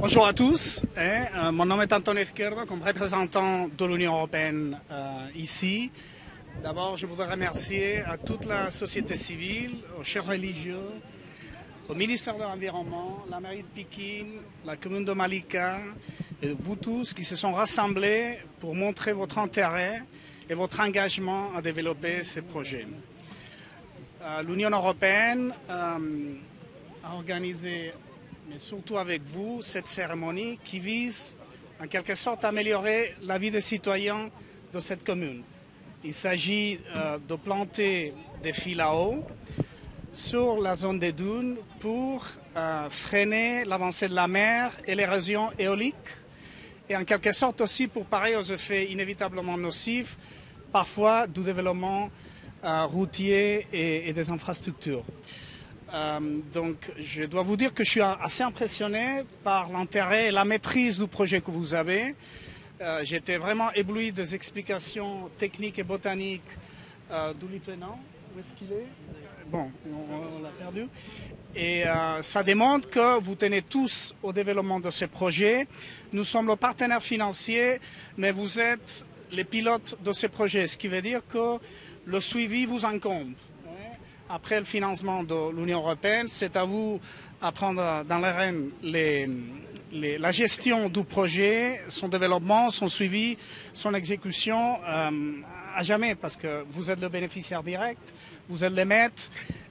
Bonjour à tous. Hein. Euh, mon nom est Antonio Izquierdo, comme représentant de l'Union européenne euh, ici. D'abord, je voudrais remercier à toute la société civile, aux chefs religieux, au ministère de l'Environnement, la mairie de Pékin, la commune de Malika, et vous tous qui se sont rassemblés pour montrer votre intérêt et votre engagement à développer ces projets. Euh, L'Union européenne euh, a organisé, mais surtout avec vous, cette cérémonie qui vise en quelque sorte à améliorer la vie des citoyens de cette commune. Il s'agit euh, de planter des fils à eau sur la zone des dunes pour freiner l'avancée de la mer et l'érosion éolique et en quelque sorte aussi pour parer aux effets inévitablement nocifs, parfois du développement euh, routier et, des infrastructures. Euh, donc je dois vous dire que je suis assez impressionné par l'intérêt et la maîtrise du projet que vous avez. Euh, j'étais vraiment ébloui des explications techniques et botaniques du lieutenant. Où est-ce qu'il est, bon, on, l'a perdu. Et euh, ça démontre que vous tenez tous au développement de ce projet. Nous sommes le partenaire financier, mais vous êtes les pilotes de ce projet, ce qui veut dire que le suivi vous incombe. Hein. Après le financement de l'Union européenne, c'est à vous à prendre dans les rênes les, la gestion du projet, son développement, son suivi, son exécution euh, à jamais, parce que vous êtes le bénéficiaire direct vous êtes les maîtres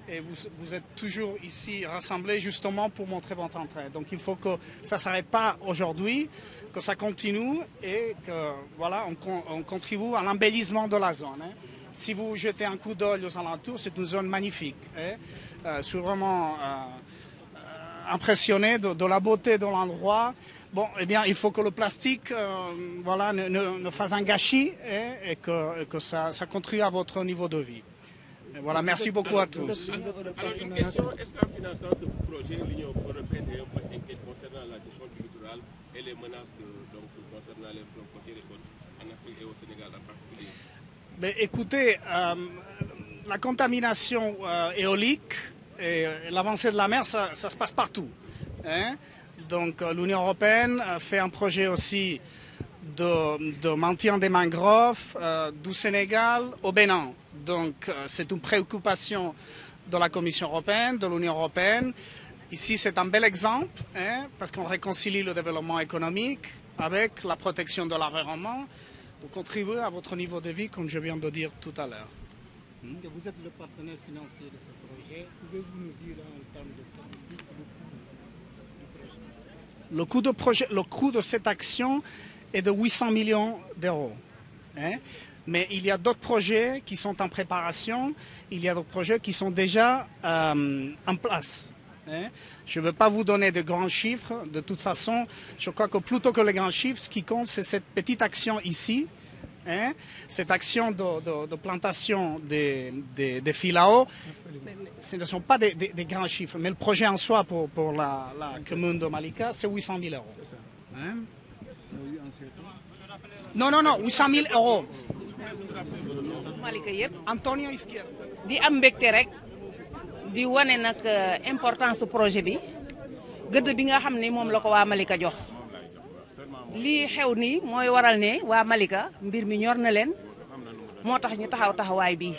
et vous, êtes toujours ici rassemblés justement pour montrer votre entrée. Donc il faut que ça ne s'arrête pas aujourd'hui, que ça continue et que voilà, on, contribue à l'embellissement de la zone. Hein. Si vous jetez un coup d'œil aux alentours, c'est une zone magnifique. Hein. Euh, je suis vraiment euh, euh, impressionné de, la beauté de l'endroit. Bon, eh bien, il faut que le plastique voilà, ne, fasse un gâchis hein, et, que, ça contribue à votre niveau de vie. Voilà, merci beaucoup à tous. Alors, une question, est-ce qu'en finançant ce projet, l'Union européenne est un peu inquiète concernant la gestion culturelle et les menaces donc, concernant les frontières en Afrique et au Sénégal en particulier Mais Écoutez, euh, la contamination euh, éolique et, euh, l'avancée de la mer, ça, ça se passe partout. Hein Donc l'Union européenne fait un projet aussi de, maintien des mangroves euh, du Sénégal au Bénin. Donc euh, c'est une préoccupation de la Commission européenne, de l'Union européenne. Ici, c'est un bel exemple, hein, parce qu'on réconcilie le développement économique avec la protection de l'environnement pour contribuer à votre niveau de vie, comme je viens de dire tout à l'heure. Hmm? Vous êtes le partenaire financier de ce projet. Pouvez-vous nous dire en termes de statistiques le coût de projet, le coût de cette action est de 800 millions d'euros. Hein. Mais il y a d'autres projets qui sont en préparation, il y a d'autres projets qui sont déjà euh, en place. Hein. Je ne veux pas vous donner de grands chiffres. De toute façon, je crois que plutôt que les grands chiffres, ce qui compte, c'est cette petite action ici, hein. cette action de, plantation des de, filao, ce ne sont pas des, grands chiffres, mais le projet en soi pour, la, la commune de Malika, c'est 800 000 euros. No, no, no, 800000 euros. Malika yëpp. di am mbégte rek di wane nag euh, importance su projet bi gëdd bi nga xam ne moom la ko waa Malika jox li xew nii mooy waral ne waa Malika mbir mi ñor na leen moo tax ñu taxaw taxawaay bi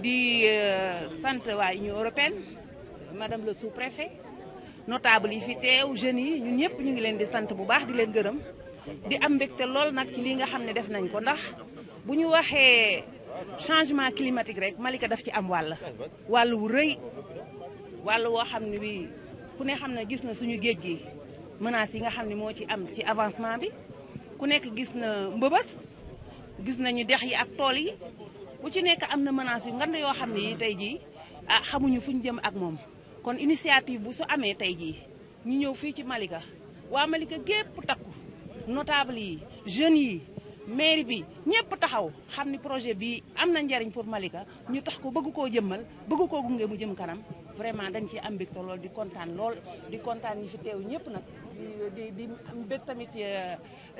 di euh, sant waa Union européenne madame le sous-préfet notable yi fi teew jeunes yi ñun ñëpp ñu ngi leen di sant bu baax di leen gërëm. di am mbégte lool nag ci lii nga xam ne def nañ ko ndax bu ñu waxee changement climatique rek Malika daf ci am wàll wàll wu rëy wàll woo xam ne bii ku ne xam ne gis na suñu géej gi menaces yi nga xam ne moo ci am ci avancement bi ku nekk gis na mbëbës gis nañu dex yi ak tool yi bu ci nekk am na menaces yu ngan ngand yoo xam ne tey jii ah xamuñu fu ñu jëm ak moom kon initiative bu su amee tey jii ñu ñëw fii ci Malika waa Malika gépp takku notable yi jeunes yi mairie bi ñëpp taxaw xam ni projet bi am na njariñ pour Malika ñu tax ko bëgg koo jëmmal bëgg koo gunge mu jëm kanam vraiment dañ ciy am mbégte lool di kontaan lool di kontaan ñi fi teew ñëpp nag di di am mbég eh,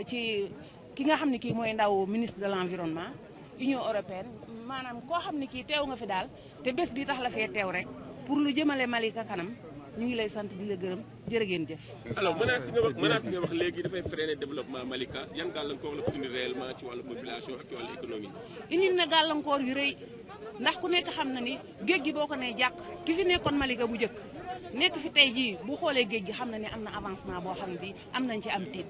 ci ki nga xam ne kii mooy ndaw ministre de l'environnement Union européenne maanaam koo xam ne kii teew nga fi daal te bés bi tax la fee teew rek pour lu jëmale Malika kanam ñu ngi lay sant di la gërëm jërë ngeen jëf. alors menace yi nga wax menace yi nga wax léegi dafay freiner développement Malika yan gàllankoor la ko indi ci wàllu population ak ci wàllu économie. indi na gàllankoor yu rëy ndax ku nekk xam na ni géej gi boo ko nee jàkk ki fi nekkoon Malika bu njëkk nekk fi tey jii bu xoolee géej gi xam na ni am na avancement boo xam ne bii am nañ ci am tiit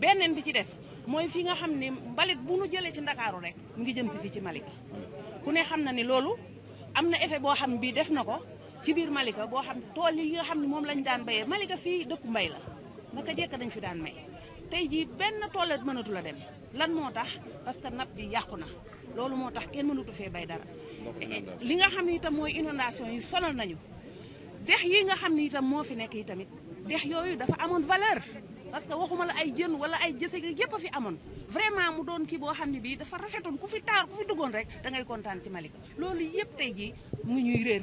beneen bi ci des mooy fii nga xam ne mbalit bu nu jëlee ci ndakaaru rek mu ngi jëm si fii ci Malika ku ne xam na ni loolu am na effet boo xam bii def na ko ci biir Malika boo xam ne tool yi nga xam ne moom lañ daan bayee Malika fii dëkku mbay la naka jekk dañ fi daan may tey jii benn toolet mënatul a dem lan moo tax parce que napp bi yàqu na loolu moo tax kenn mënatu fee bay dara eh, eh, li nga xam ne itam mooy inondation yi sonal nañu dex yi nga xam ne itam moo fi nekk yi tamit dex yooyu dafa amoon valeur parce que waxuma la ay jën wala ay jëse gi yëpp fi amoon vraiment mu doon kii boo xam ne bii dafa rafetoon ku fi taar ku fi duggoon rek da ngay kontaan ci Malika loolu yëpp tey jii mu ñuy réer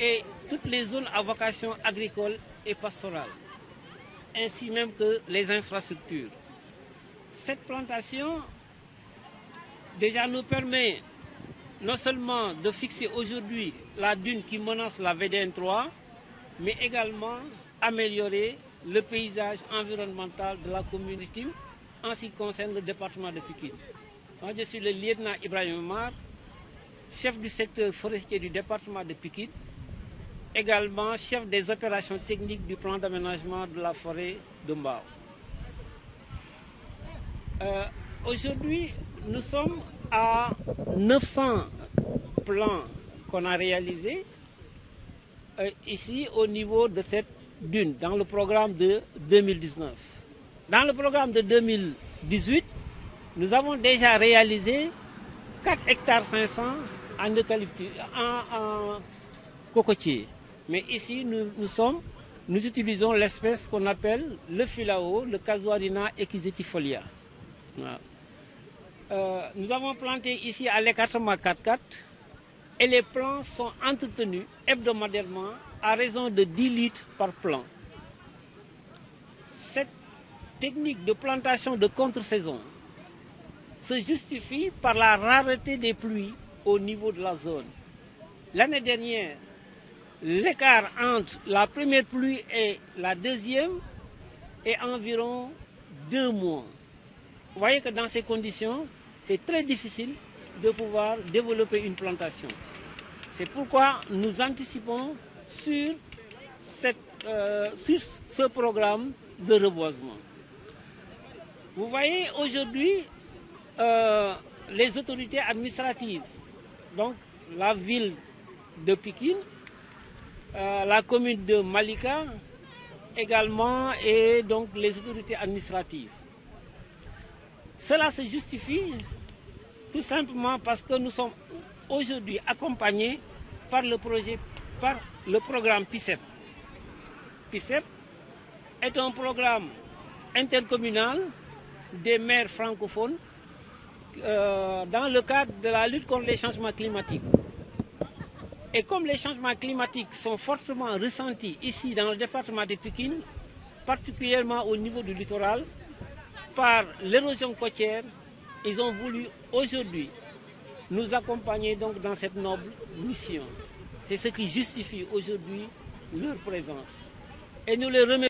et toutes les zones à vocation agricole et pastorale, ainsi même que les infrastructures. Cette plantation déjà nous permet non seulement de fixer aujourd'hui la dune qui menace la VDN3, mais également améliorer le paysage environnemental de la communauté en ce qui concerne le département de Pikine. Moi, je suis le lieutenant Ibrahim Omar, chef du secteur forestier du département de Pikine, également chef des opérations techniques du plan d'aménagement de la forêt de Mbao. Euh, aujourd'hui, nous sommes à 900 plans qu'on a réalisés euh, ici au niveau de cette dune, dans le programme de 2019. Dans le programme de 2018, nous avons déjà réalisé 4 hectares 500 en, eucalyptus, en cocotier. Mais ici, nous, nous sommes, nous utilisons l'espèce qu'on appelle le filao, le casuarina equisitifolia. Euh, nous avons planté ici à l'écartement 4x4 et les plants sont entretenus hebdomadairement à raison de 10 litres par plant. Cette technique de plantation de contre-saison se justifie par la rareté des pluies au niveau de la zone. L'année dernière, l'écart entre la première pluie et la deuxième est environ deux mois. Vous voyez que dans ces conditions, c'est très difficile de pouvoir développer une plantation. C'est pourquoi nous anticipons sur, euh, ce programme de reboisement. Vous voyez aujourd'hui euh, les autorités administratives, donc la ville de Pékin, euh, la commune de Malika également et donc les autorités administratives. Cela se justifie tout simplement parce que nous sommes aujourd'hui accompagnés par le projet, par le programme PICEP. PICEP est un programme intercommunal des maires francophones euh, dans le cadre de la lutte contre les changements climatiques. Et comme les changements climatiques sont fortement ressentis ici dans le département de Pékin, particulièrement au niveau du littoral, par l'érosion côtière, ils ont voulu aujourd'hui nous accompagner donc dans cette noble mission. C'est ce qui justifie aujourd'hui leur présence. Et nous les remercions.